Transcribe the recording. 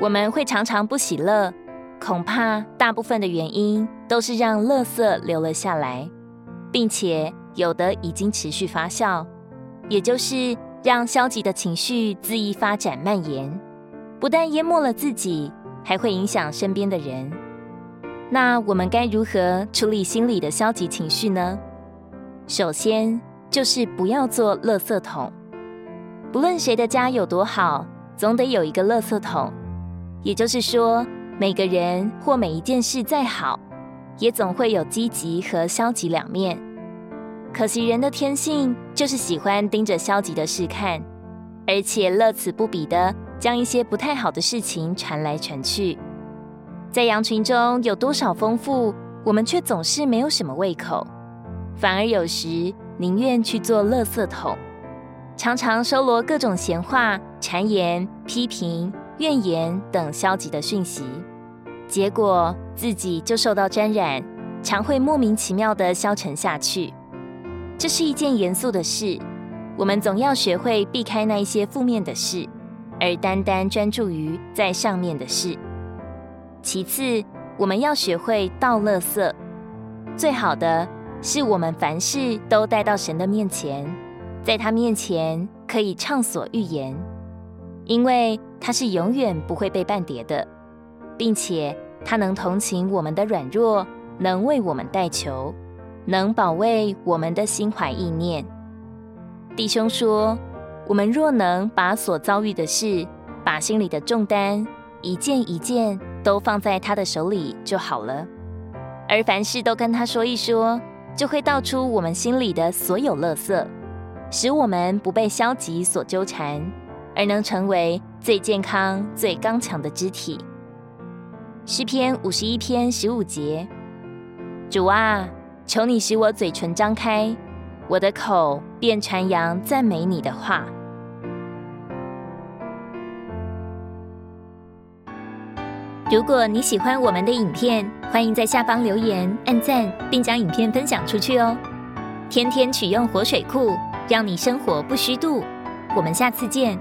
我們會常常不喜樂，恐怕大部分的原因都是讓垃圾留了下來，並且有的已經持續發酵，也就是讓消極的情緒恣意發展蔓延，不但淹沒了自己，還會影響身邊的人。那我們該如何處理心裡的消極情緒呢？首先就是不要做垃圾桶，不論誰的家有多好，總得有一個垃圾桶。也就是說，每個人或每一件事再好，也總會有積極和消極兩面。可惜人的天性就是喜歡盯着消極的事看，而且樂此不疲地將一些不太好的事情傳來傳去。在羊群中有多少豐富，我們卻總是沒有什麼胃口，反而有時寧願去做垃圾桶，常常收羅各種閒話、讒言、批評。怨言等消極的訊息，結果自己就受到沾染，常會莫名其妙地消沉下去。這是一件嚴肅的事，我們總要學會避開那一些負面的事，而單單專注於在上面的事。其次，我們要學會倒垃圾，最好的是我們凡事都帶到神的面前，在祂面前可以暢所欲言，因為。他是永遠不會被絆跌的，並且他能同情我們的軟弱，能為我們代求，能保衛我們的心懷意念。弟兄說：“我們若能把所遭遇的事，把心裡的重擔一件一件都放在他的手裡就好了。而凡事都跟他說一說，就會倒出我們心裡的所有垃圾，使我們不被消極所糾纏，而能成為。”最健康、最剛強的肢體。詩篇五十一篇十五節：主啊，求你使我嘴唇張開，我的口便傳揚讚美你的話。如果你喜歡我們的影片，歡迎在下方留言、按讚，並將影片分享出去哦。天天取用活水庫，讓你生活不虛度。我們下次見。